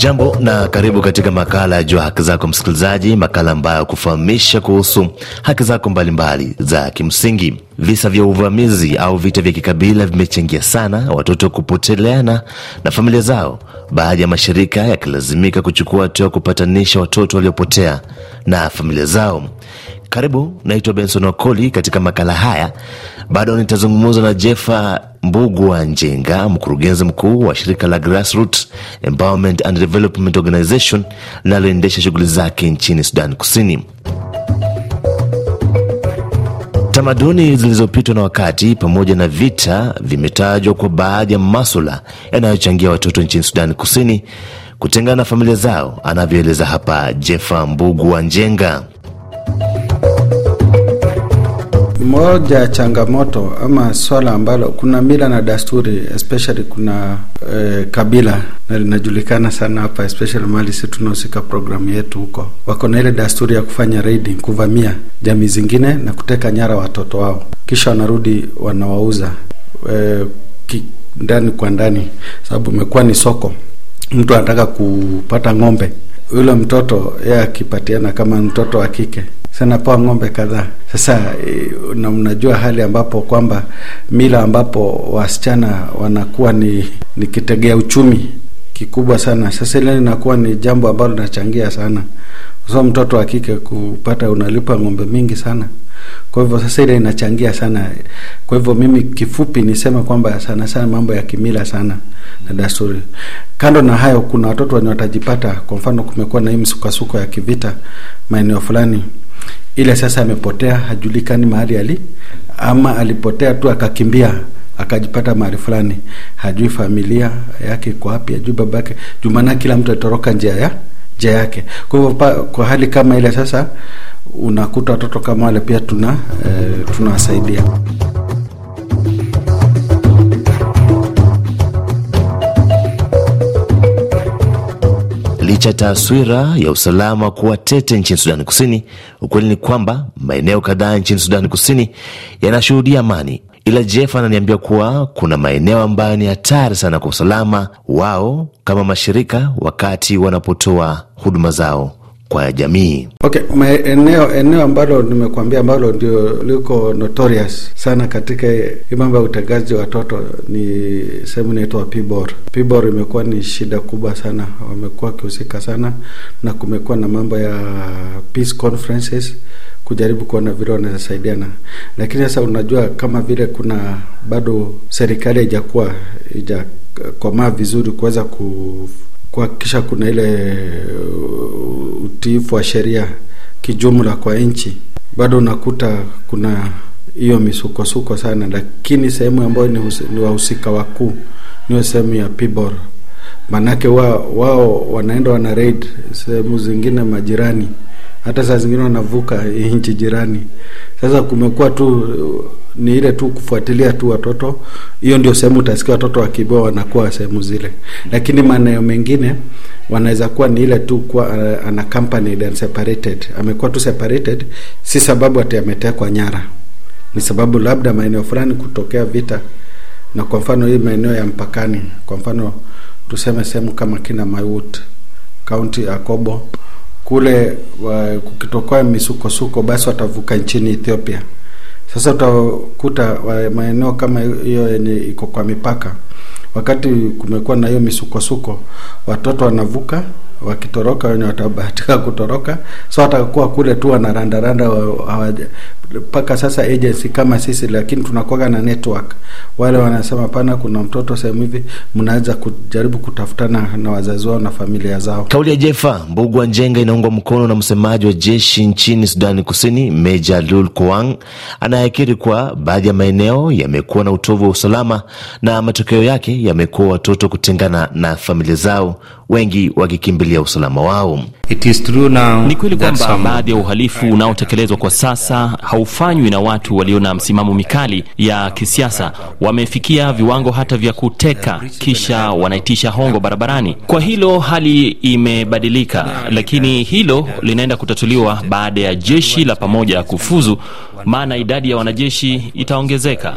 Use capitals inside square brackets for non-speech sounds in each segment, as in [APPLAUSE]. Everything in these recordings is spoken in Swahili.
Hujambo na karibu katika makala ya Jua Haki Zako, msikilizaji, makala ambayo kufahamisha kuhusu haki zako mbalimbali za kimsingi. Visa vya uvamizi au vita vya kikabila vimechangia sana watoto kupoteleana na familia zao, baadhi ya mashirika yakilazimika kuchukua hatua ya kupatanisha watoto waliopotea na familia zao. Karibu, naitwa Benson Wakoli. Katika makala haya bado nitazungumza na Jefa Mbugua Njenga, mkurugenzi mkuu wa shirika la Grassroots Empowerment and Development Organization linaloendesha shughuli zake nchini Sudan Kusini. Tamaduni zilizopitwa na wakati pamoja na vita vimetajwa kwa baadhi ya maswala yanayochangia watoto nchini Sudani Kusini kutengana na familia zao, anavyoeleza hapa Jefa Mbugu wa Njenga. Moja ya changamoto ama swala ambalo kuna mila na desturi especially kuna eh, kabila na linajulikana sana hapa especially mali si tunahusika programu yetu huko, wako na ile desturi ya kufanya raiding, kuvamia jamii zingine na kuteka nyara watoto wao, kisha wanarudi wanawauza eh, ki, ndani kwa ndani, sababu imekuwa ni soko. Mtu anataka kupata ng'ombe, yule mtoto yeye akipatiana, kama mtoto wa kike sana kwa ng'ombe kadhaa. Sasa eh, na mnajua hali ambapo kwamba mila ambapo wasichana wanakuwa ni, ni kitegea uchumi kikubwa sana. Sasa ile inakuwa ni jambo ambalo linachangia sana, kwa sababu mtoto wa kike kupata unalipa ng'ombe mingi sana kwa hivyo sasa ile inachangia sana. Kwa hivyo mimi kifupi nisema kwamba sana sana mambo ya kimila sana na dasturi. Kando na hayo, kuna watoto wenye watajipata, kwa mfano kumekuwa na hii msukasuko ya kivita maeneo fulani ile sasa amepotea, hajulikani mahali ali, ama alipotea tu akakimbia akajipata mahali fulani, hajui familia yake iko wapi, hajui yake jumana, kila mtu atoroka njia ya njia yake. Kwa hivyo kwa hali kama ile sasa unakuta watoto kama wale pia tuna eh, tunawasaidia. Licha taswira ya usalama kuwa tete nchini Sudani Kusini, ukweli ni kwamba maeneo kadhaa nchini Sudani Kusini yanashuhudia amani, ila Jeff ananiambia kuwa kuna maeneo ambayo ni hatari sana kwa usalama wao kama mashirika wakati wanapotoa huduma zao kwa jamii. Okay, maeneo eneo ambalo nimekuambia ambalo ndio liko notorious sana katika hii mambo ya utegaji watoto ni sehemu inaitwa Pibor. Pibor imekuwa ni shida kubwa sana, wamekuwa wakihusika sana, na kumekuwa na mambo ya peace conferences kujaribu kuona vile wanasaidiana, lakini sasa unajua kama vile kuna bado serikali haijakuwa ijakomaa vizuri kuweza kuhakikisha kuna ile utiifu wa sheria kijumla kwa nchi, bado unakuta kuna hiyo misukosuko sana, lakini sehemu ambayo ni, ni wahusika wakuu niyo sehemu ya Pibor, manake wao wao wanaenda wana raid sehemu zingine majirani, hata saa zingine wanavuka nchi jirani. Sasa kumekuwa tu ni ile tu kufuatilia tu watoto. Hiyo ndio sehemu utasikia watoto wakiibua wanakuwa sehemu zile, lakini maeneo mengine wanaweza kuwa ni ile tu kuwa eh, ana company then separated, amekuwa tu separated, si sababu ati ametekwa nyara, ni sababu labda maeneo fulani kutokea vita, na kwa mfano hii maeneo ya mpakani, kwa mfano tuseme sehemu kama kina Mayut County ya Kobo kule, kukitokea misukosuko, basi watavuka nchini Ethiopia sasa utakuta maeneo kama hiyo yenye iko kwa mipaka, wakati kumekuwa na hiyo misukosuko, watoto wanavuka wakitoroka wenye watabahatika kutoroka, so watakuwa kule tu wanarandaranda mpaka sasa agency kama sisi, lakini tunakuwa na network. Wale wanasema pana, kuna mtoto sehemu hivi, mnaweza kujaribu kutafutana na wazazi wao na familia zao. Kauli ya Jefa Mbugua Njenga inaungwa mkono na msemaji wa jeshi nchini Sudani Kusini, Meja Lul Kuang, anayekiri kuwa baadhi ya maeneo yamekuwa na utovu wa usalama na matokeo yake yamekuwa watoto kutengana na familia zao, wengi wakikimbilia ajili ya usalama wao. It is true now ni kweli kwamba baadhi ya uhalifu unaotekelezwa kwa sasa haufanywi na watu walio na msimamo mikali ya kisiasa. Wamefikia viwango hata vya kuteka, kisha wanaitisha hongo barabarani. Kwa hilo hali imebadilika, lakini hilo linaenda kutatuliwa baada ya jeshi la pamoja kufuzu, maana idadi ya wanajeshi itaongezeka.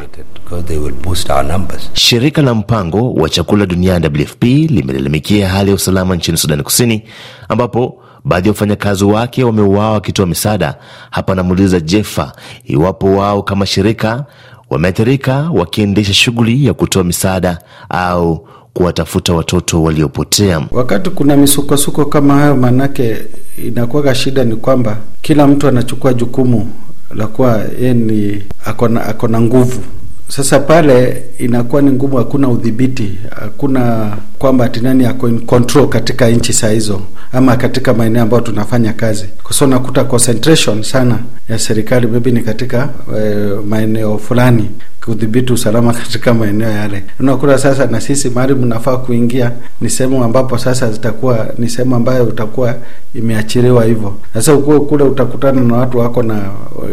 Shirika la mpango wa chakula duniani WFP limelalamikia hali ya usalama nchini Sudani Kusini ambapo Baadhi ya wafanyakazi wake wameuawa wakitoa misaada. Hapa anamuuliza Jefa iwapo wao kama shirika wameathirika wakiendesha shughuli ya kutoa misaada au kuwatafuta watoto waliopotea. Wakati kuna misukosuko kama hayo, maanake inakuwaga shida ni kwamba kila mtu anachukua jukumu la kuwa yeye ni ako na nguvu. Sasa pale inakuwa ni ngumu, hakuna udhibiti, hakuna kwamba ati nani ako in control katika nchi saa hizo ama katika maeneo ambayo tunafanya kazi, kwa sababu nakuta concentration sana ya serikali bibi ni katika e, maeneo fulani kudhibiti usalama [LAUGHS] katika maeneo yale. Unakuta sasa na sisi mahali mnafaa kuingia ni sehemu ambapo sasa zitakuwa ni sehemu ambayo utakuwa imeachiriwa hivyo. Sasa ukuwa kule utakutana na watu wako na,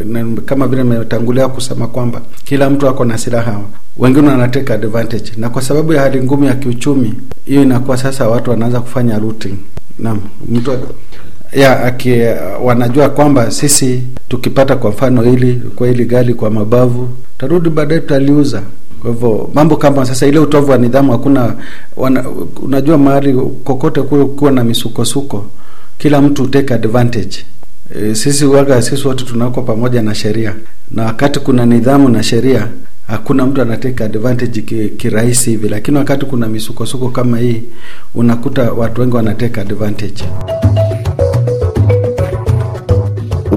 na kama vile nimetangulia kusema kwamba kila mtu ako na silaha, wengine wanateka advantage, na kwa sababu ya hali ngumu ya kiuchumi, hiyo inakuwa sasa watu wanaanza kufanya looting. Naam, mtu ya aki, wanajua kwamba sisi tukipata kwa mfano hili kwa hili gari kwa mabavu tarudi baadaye tutaliuza. Kwa hivyo mambo kama sasa, ile utovu wa nidhamu hakuna wana, unajua mahali kokote kule kuwa na misukosuko, kila mtu take advantage. E, sisi waga sisi wote tunawekwa pamoja na sheria, na wakati kuna nidhamu na sheria hakuna mtu anateka advantage kirahisi hivi, lakini wakati kuna misukosuko kama hii, unakuta watu wengi wanateka advantage.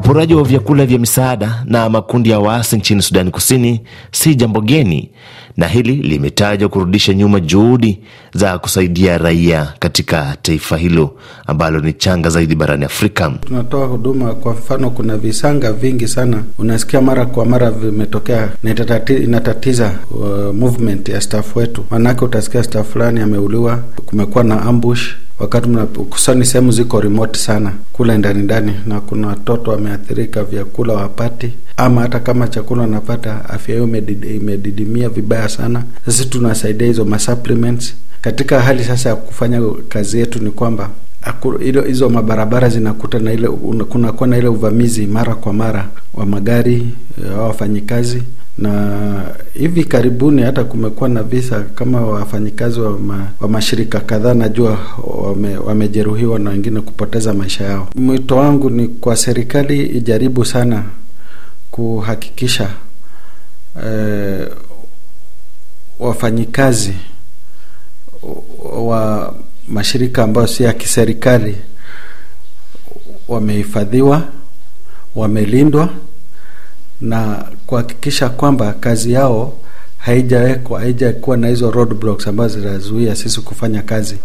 Uporaji wa vyakula vya misaada na makundi ya waasi nchini Sudani Kusini si jambo geni, na hili limetajwa kurudisha nyuma juhudi za kusaidia raia katika taifa hilo ambalo ni changa zaidi barani Afrika. Tunatoa huduma, kwa mfano, kuna visanga vingi sana, unasikia mara kwa mara vimetokea, na inatatiza uh, movement ya staff wetu, maanake utasikia staff fulani ameuliwa, kumekuwa na ambush wakati mnakusani, sehemu ziko remote sana kule ndani ndani, na kuna watoto wameathirika, vyakula wapati, ama hata kama chakula wanapata, afya hiyo imedidimia vibaya sana. Sisi tunasaidia hizo masupplements katika hali sasa ya kufanya kazi yetu ni kwamba hizo mabarabara zinakuta na ile kunakuwa na ile uvamizi mara kwa mara wa magari wafanyikazi na hivi karibuni hata kumekuwa na visa kama wafanyikazi wa, ma, wa mashirika kadhaa najua wame, wamejeruhiwa na wengine kupoteza maisha yao. Mwito wangu ni kwa serikali ijaribu sana kuhakikisha eh, wafanyikazi wa mashirika ambayo si ya kiserikali wamehifadhiwa, wamelindwa na kuhakikisha kwamba kazi yao haijawekwa haijakuwa na hizo roadblocks ambazo zinazuia sisi kufanya kazi,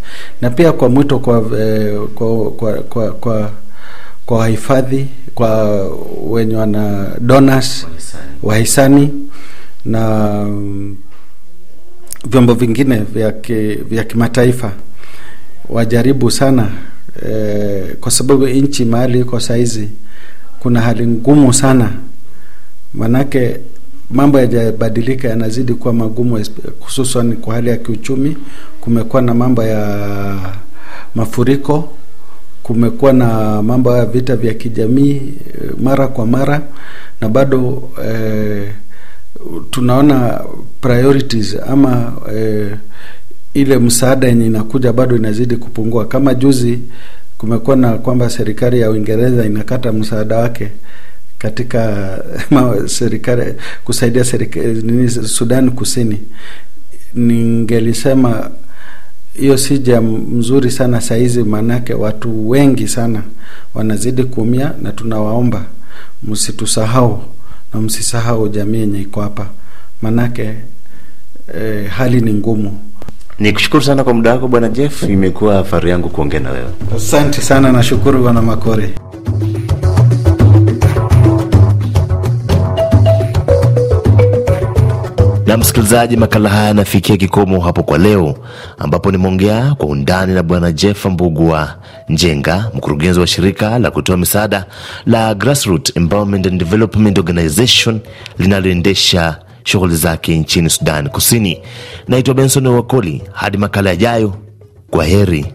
na pia kwa mwito kwa eh, kwa kwa kwa, kwa kwa wahifadhi kwa wenye wana donors wahisani na um, vyombo vingine vya vya kimataifa wajaribu sana eh, kwa sababu nchi mahali iko saizi kuna hali ngumu sana manake mambo yajabadilika, yanazidi kuwa magumu, hususan kwa hali ya kiuchumi. Kumekuwa na mambo ya mafuriko, kumekuwa na mambo ya vita vya kijamii eh, mara kwa mara, na bado eh, tunaona priorities ama eh, ile msaada yenye inakuja bado inazidi kupungua. Kama juzi kumekuwa na kwamba serikali ya Uingereza inakata msaada wake katika [LAUGHS] serikali kusaidia serikali Sudan Kusini, ningelisema hiyo si jambo mzuri sana saa hizi, maanake watu wengi sana wanazidi kuumia, na tunawaomba msitusahau na msisahau jamii yenye iko hapa, maanake eh, hali ni ngumu. Ni kushukuru sana kwa muda wako Bwana Jeff, imekuwa fahari yangu kuongea na wewe. Asante sana, nashukuru Bwana Makore. Na msikilizaji, makala haya yanafikia kikomo hapo kwa leo, ambapo nimeongea kwa undani na Bwana Jeffa Mbugua Njenga, mkurugenzi wa shirika la kutoa misaada la Grassroot Empowerment and Development Organization linaloendesha shughuli zake nchini Sudan Kusini. Naitwa Benson Wakoli, hadi makala yajayo, kwa heri.